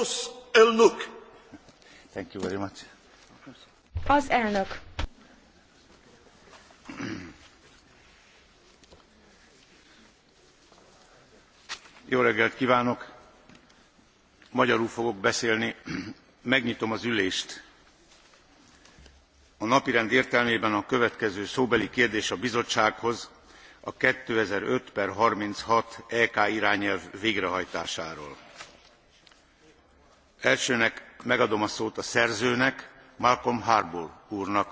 Az elnök. Thank you very much. Az elnök. Jó reggelt kívánok! Magyarul fogok beszélni. Megnyitom az ülést. A napirend értelmében a következő szóbeli kérdés a bizottsághoz a two thousand and five thirty six ek irányelv végrehajtásáról elsőnek megadom a szót a szerzőnek malcolm harbour úrnak.